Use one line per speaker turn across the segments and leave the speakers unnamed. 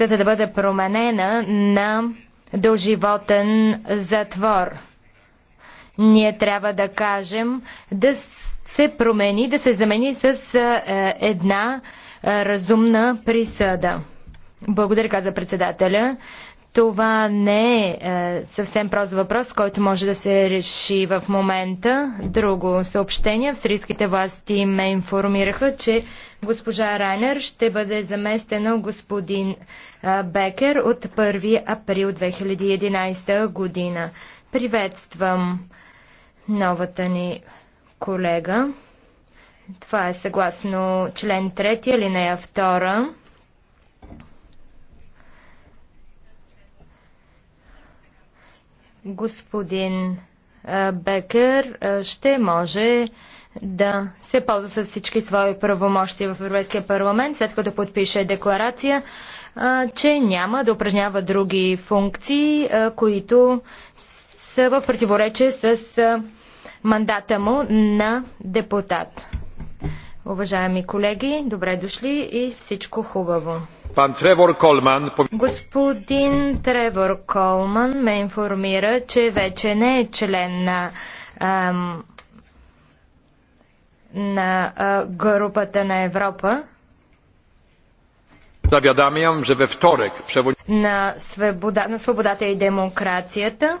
За да бъде променена на доживотен затвор. Ние трябва да кажем да се промени, да се замени с е, една е, разумна присъда. Благодаря, каза председателя. Това не е, е съвсем прост въпрос, който може да се реши в момента. Друго съобщение. Австрийските власти ме информираха, че Госпожа Райнер ще бъде заместена господин Бекер от 1 април 2011 година. Приветствам новата ни колега. Това е съгласно член 3, алинея 2. Господин Бекер ще може да се ползва с всички свои правомощия в Европейския парламент, след като подпише декларация, че няма да упражнява други функции, които са в противоречие с мандата му на депутат. Уважаеми колеги, добре дошли и всичко хубаво.
Пан Тревор Колман...
Господин Тревор Колман ме информира, че вече не е член на ам, на групата на Европа.
Завядамям, че във вторък
на, свобода, на свободата и демокрацията.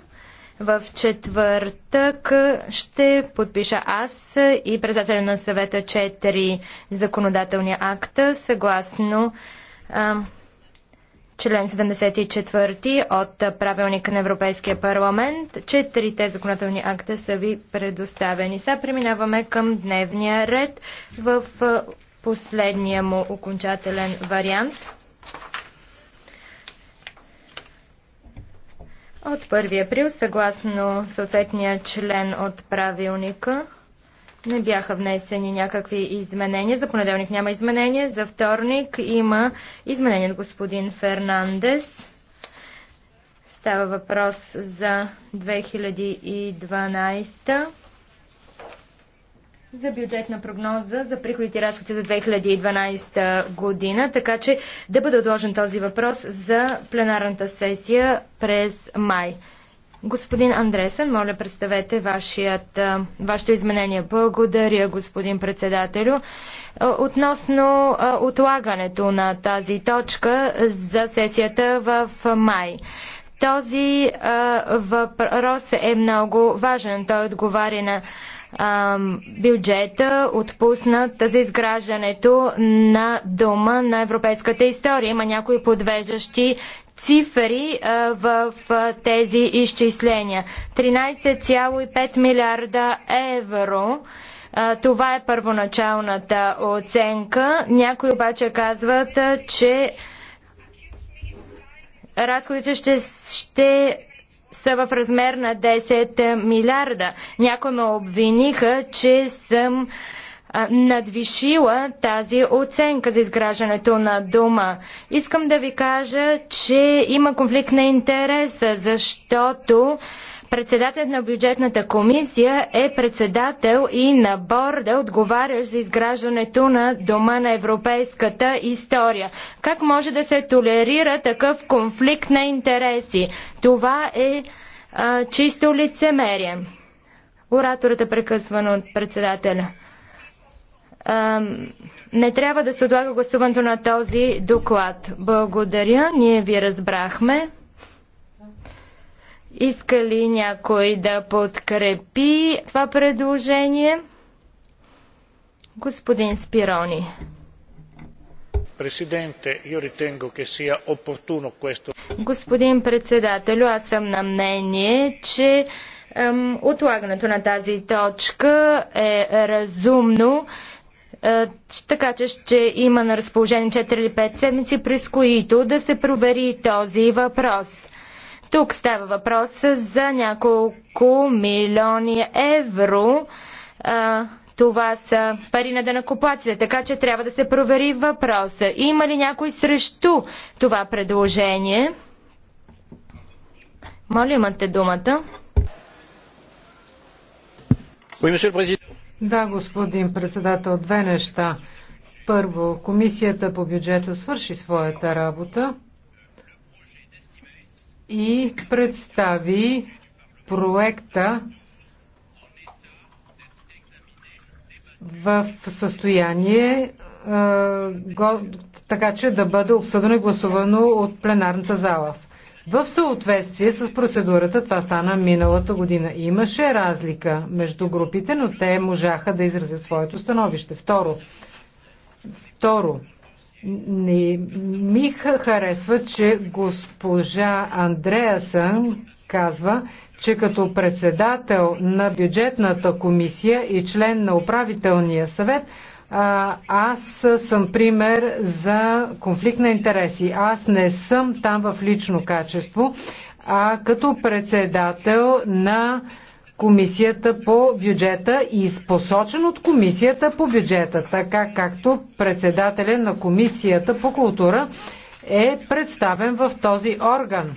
В четвъртък ще подпиша аз и председателя на съвета 4 законодателния акта, съгласно а, член 74 от правилника на Европейския парламент. Четирите законодателни акта са ви предоставени. Сега преминаваме към дневния ред в последния му окончателен вариант. От 1 април, съгласно съответния член от правилника, не бяха внесени някакви изменения. За понеделник няма изменения, за вторник има изменения на господин Фернандес. Става въпрос за 2012 за бюджетна прогноза за приходите и разходите за 2012 година, така че да бъде отложен този въпрос за пленарната сесия през май. Господин Андресен, моля представете вашият, вашето изменение. Благодаря, господин председателю. Е, относно отлагането на тази точка за сесията в май. Този въпрос е много важен. Той отговаря на бюджета, отпуснат за изграждането на дома на европейската история. Има някои подвеждащи цифри в тези изчисления. 13,5 милиарда евро. Това е първоначалната оценка. Някои обаче казват, че разходите ще, ще са в размер на 10 милиарда. Някои ме обвиниха, че съм надвишила тази оценка за изграждането на дума. Искам да ви кажа, че има конфликт на интереса, защото председателят на бюджетната комисия е председател и на борда, отговарящ за изграждането на дома на европейската история. Как може да се толерира такъв конфликт на интереси? Това е а, чисто лицемерие. Ораторът е прекъсван от председателя не трябва да се отлага гласуването на този доклад. Благодаря, ние ви разбрахме. Иска ли някой да подкрепи това предложение? Господин Спирони. Господин председател, аз съм на мнение, че ем, отлагането на тази точка е разумно. Е, така че ще има на разположение 4 или 5 седмици, през които да се провери този въпрос. Тук става въпрос за няколко милиони евро. Е, това са пари на денакоплаците, така че трябва да се провери въпроса. Има ли някой срещу това предложение? Моля, имате думата.
Oui,
да, господин председател, две неща. Първо, комисията по бюджета свърши своята работа и представи проекта в състояние така че да бъде обсъдено и гласувано от пленарната зала. В съответствие с процедурата, това стана миналата година. Имаше разлика между групите, но те можаха да изразят своето становище. Второ, второ не ми харесва, че госпожа Андреасън казва, че като председател на бюджетната комисия и член на управителния съвет аз съм пример за конфликт на интереси. Аз не съм там в лично качество, а като председател на Комисията по бюджета и посочен от Комисията по бюджета, така както председателя на Комисията по култура е представен в този орган.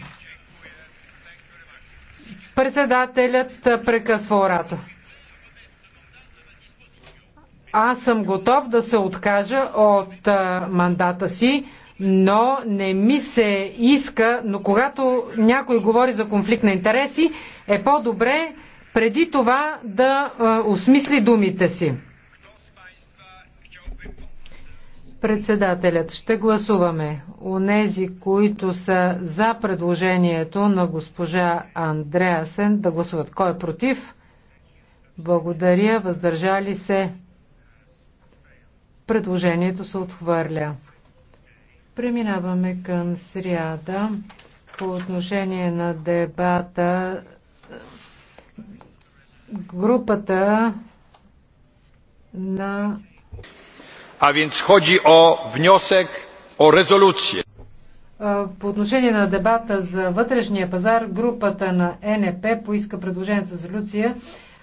Председателят прекъсва оратор аз съм готов да се откажа от а, мандата си, но не ми се иска, но когато някой говори за конфликт на интереси, е по-добре преди това да а, осмисли думите си. Председателят, ще гласуваме онези, които са за предложението на госпожа Андреасен да гласуват. Кой е против? Благодаря, въздържали се. Предложението се отхвърля. Преминаваме към сряда по отношение на дебата. Групата на.
А więc chodzi о wniosek о резолюция.
По отношение на дебата за вътрешния пазар, групата на НП поиска предложението за резолюция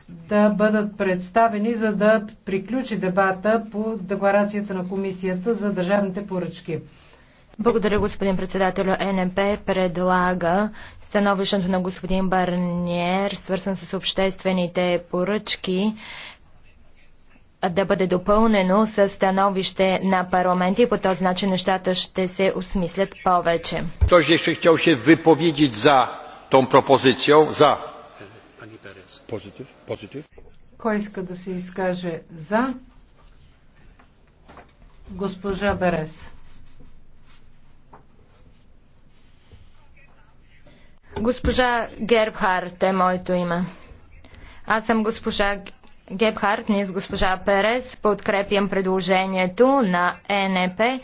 да бъдат представени, за да приключи дебата по декларацията на комисията за държавните поръчки. Благодаря, господин председател.
НМП предлага становището на господин Барниер, свързан с обществените поръчки, да бъде допълнено с становище на парламент и по този начин нещата ще се осмислят повече.
Той ще хотел се за тон пропозиция за Positive, positive.
Кой иска да се изкаже за? Госпожа Берес.
Госпожа Гербхарт е моето име. Аз съм госпожа Гебхарт, ние с госпожа Перес подкрепям предложението на ЕНП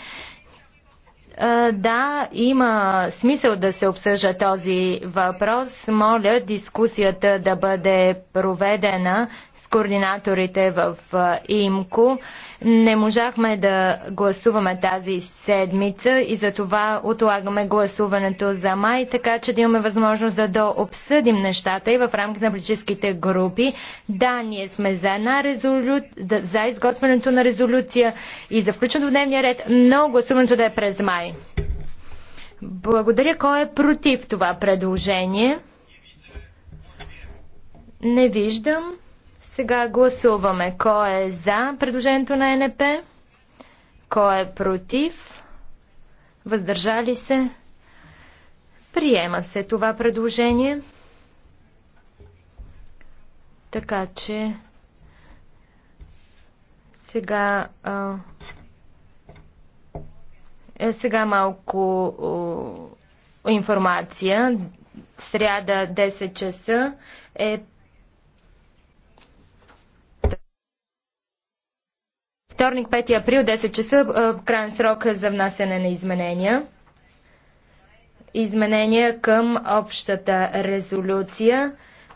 да, има смисъл да се обсъжда този въпрос. Моля дискусията да бъде проведена с координаторите в ИМКО. Не можахме да гласуваме тази седмица и за това отлагаме гласуването за май, така че да имаме възможност да дообсъдим нещата и в рамките на политическите групи. Да, ние сме за, една резолю... за изготвянето на резолюция и за включването в дневния ред, но гласуването да е през май. Благодаря. Кой е против това предложение? Не виждам. Сега гласуваме. Кой е за предложението на НП? Кой е против? Въздържали се? Приема се това предложение. Така че сега а, е, сега малко информация. Сряда 10 часа е вторник 5 април 10 часа е, крайен срок за внасяне на изменения. Изменения към общата резолюция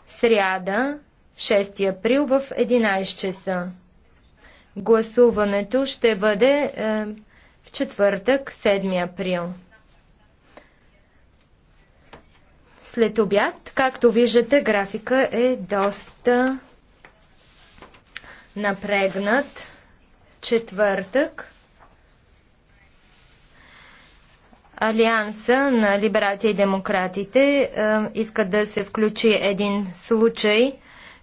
сряда 6 април в 11 часа. Гласуването ще бъде е, в четвъртък, 7 април. След обяд, както виждате, графика е доста напрегнат. Четвъртък. Алианса на либерати и демократите е, иска да се включи един случай,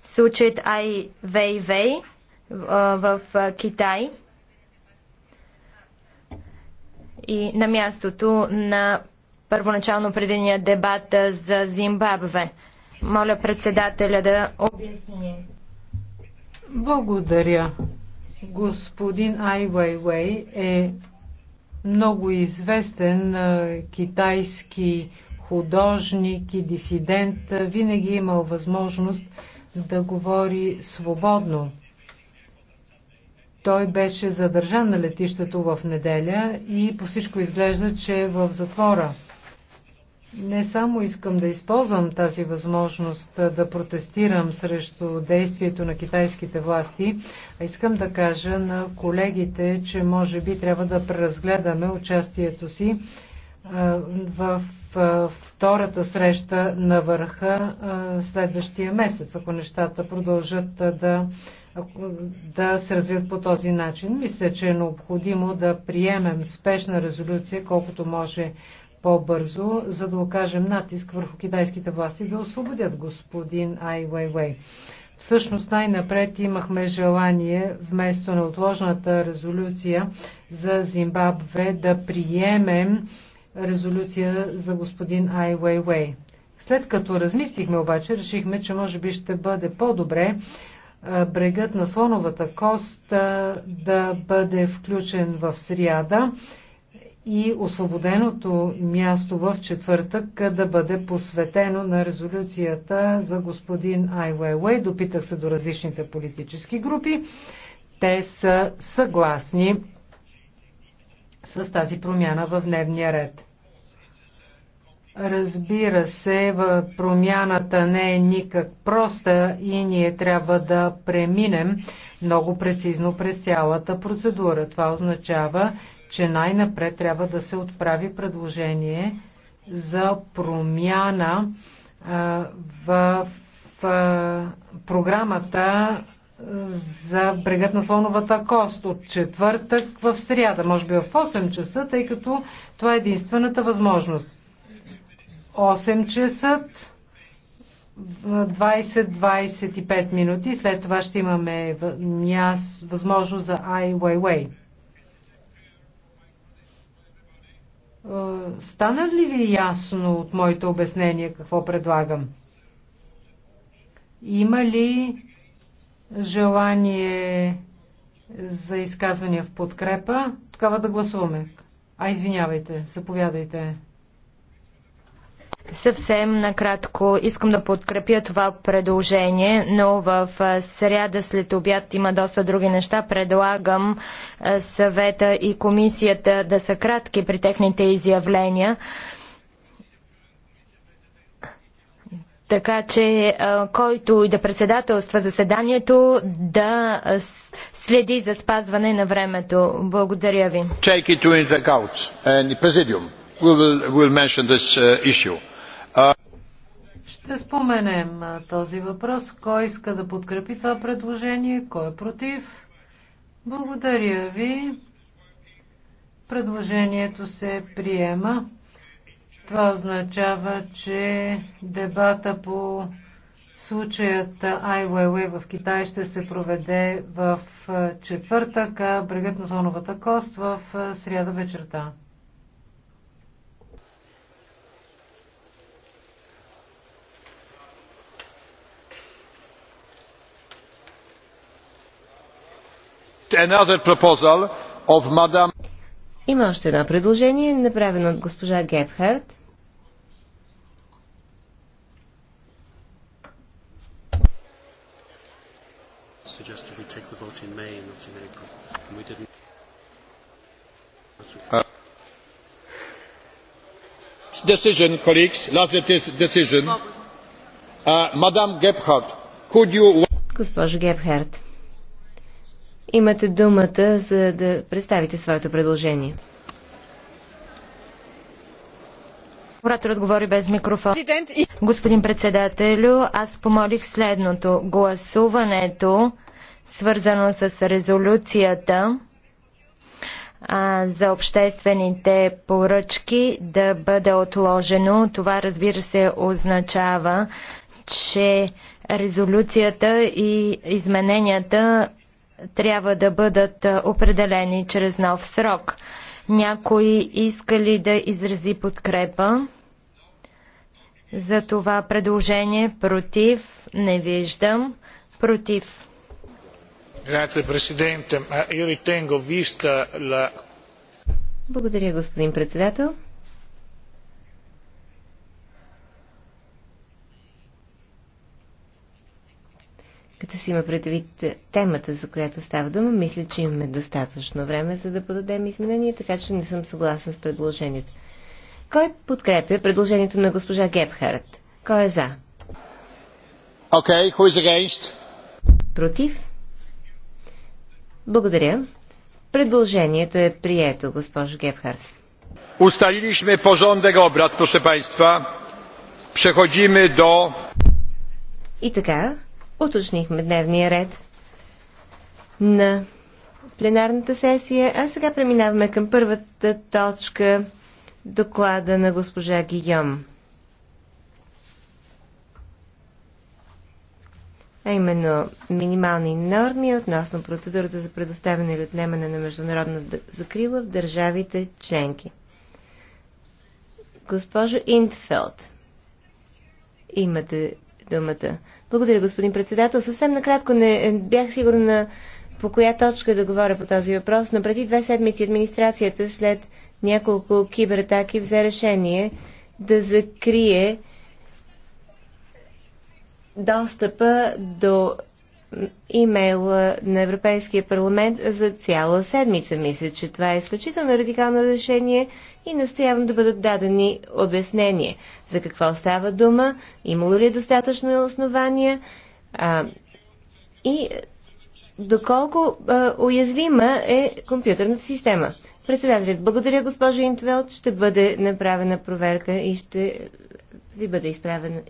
случай Ай Вей е, в Китай – и на мястото на първоначално предения дебат за Зимбабве. Моля председателя да
обясни. Благодаря. Господин Ай Уейвей е много известен китайски художник и дисидент. Винаги е имал възможност да говори свободно. Той беше задържан на летището в неделя и по всичко изглежда, че е в затвора. Не само искам да използвам тази възможност да протестирам срещу действието на китайските власти, а искам да кажа на колегите, че може би трябва да преразгледаме участието си в втората среща на върха следващия месец, ако нещата продължат да да се развият по този начин. Мисля, че е необходимо да приемем спешна резолюция, колкото може по-бързо, за да окажем натиск върху китайските власти да освободят господин Ай Уейвей. Всъщност най-напред имахме желание вместо на отложената резолюция за Зимбабве да приемем резолюция за господин Ай Уейвей. След като размислихме обаче, решихме, че може би ще бъде по-добре брегът на Слоновата кост да бъде включен в сряда и освободеното място в четвъртък да бъде посветено на резолюцията за господин Ай Уейуей. Допитах се до различните политически групи. Те са съгласни с тази промяна в дневния ред. Разбира се, промяната не е никак проста и ние трябва да преминем много прецизно през цялата процедура. Това означава, че най-напред трябва да се отправи предложение за промяна в програмата за брегът на Слоновата кост от четвъртък в сряда, може би в 8 часа, тъй като това е единствената възможност. 8 часа, 20-25 минути. След това ще имаме възможност за Ai Weiwei. Е, стана ли ви ясно от моите обяснения какво предлагам? Има ли желание за изказвания в подкрепа? Тогава да гласуваме. А, извинявайте, заповядайте.
Съвсем накратко искам да подкрепя това предложение, но в сряда след обяд има доста други неща. Предлагам съвета и комисията да са кратки при техните изявления. Така че който и да председателства заседанието да следи за спазване на времето.
Благодаря ви.
Take it And Presidium will, will mention this uh, issue.
Ще споменем този въпрос. Кой иска да подкрепи това предложение? Кой е против? Благодаря ви. Предложението се приема. Това означава, че дебата по случаят Ай Уейуей в Китай ще се проведе в четвъртък, а брегът на Зоновата кост в сряда вечерта.
Madame...
Има още едно предложение, направено от госпожа Гебхард.
suggested we take the vote in May and not in April, and we didn't. Uh, decision, colleagues, last decision. Uh, Madam Gebhardt,
could you... Госпожо Гебхард, Имате думата, за да представите своето предложение.
Оратор отговори без микрофон. Господин председателю, аз помолих следното. Гласуването, свързано с резолюцията а, за обществените поръчки, да бъде отложено. Това, разбира се, означава, че резолюцията и измененията трябва да бъдат определени чрез нов срок. Някой иска ли да изрази подкрепа за това предложение? Против? Не виждам.
Против. Благодаря, господин председател. Като си има предвид темата, за която става дума, мисля, че имаме достатъчно време, за да подадем изменения, така че не съм съгласен с предложението. Кой подкрепя предложението на госпожа Гебхарт? Кой е за?
Okay, who is against?
Против? Благодаря. Предложението е прието, госпожо Гебхарт.
Усталилишме porządek обрат, proszę Państwa. Przechodzimy
И така, уточнихме дневния ред на пленарната сесия. А сега преминаваме към първата точка доклада на госпожа Гийом. а именно минимални норми относно процедурата за предоставяне или отнемане на международна закрила в държавите членки. Госпожо Интфелд. имате думата. Благодаря, господин председател. Съвсем накратко не бях сигурна по коя точка да говоря по този въпрос, но преди две седмици администрацията след няколко кибератаки взе решение да закрие достъпа до имейла на Европейския парламент за цяла седмица. Мисля, че това е изключително радикално решение и настоявам да бъдат дадени обяснения за какво става дума, имало ли е достатъчно основания а, и доколко а, уязвима е компютърната система. Председателят, благодаря госпожа Интвелт, ще бъде направена проверка и ще ви бъде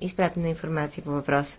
изпратена информация по въпроса.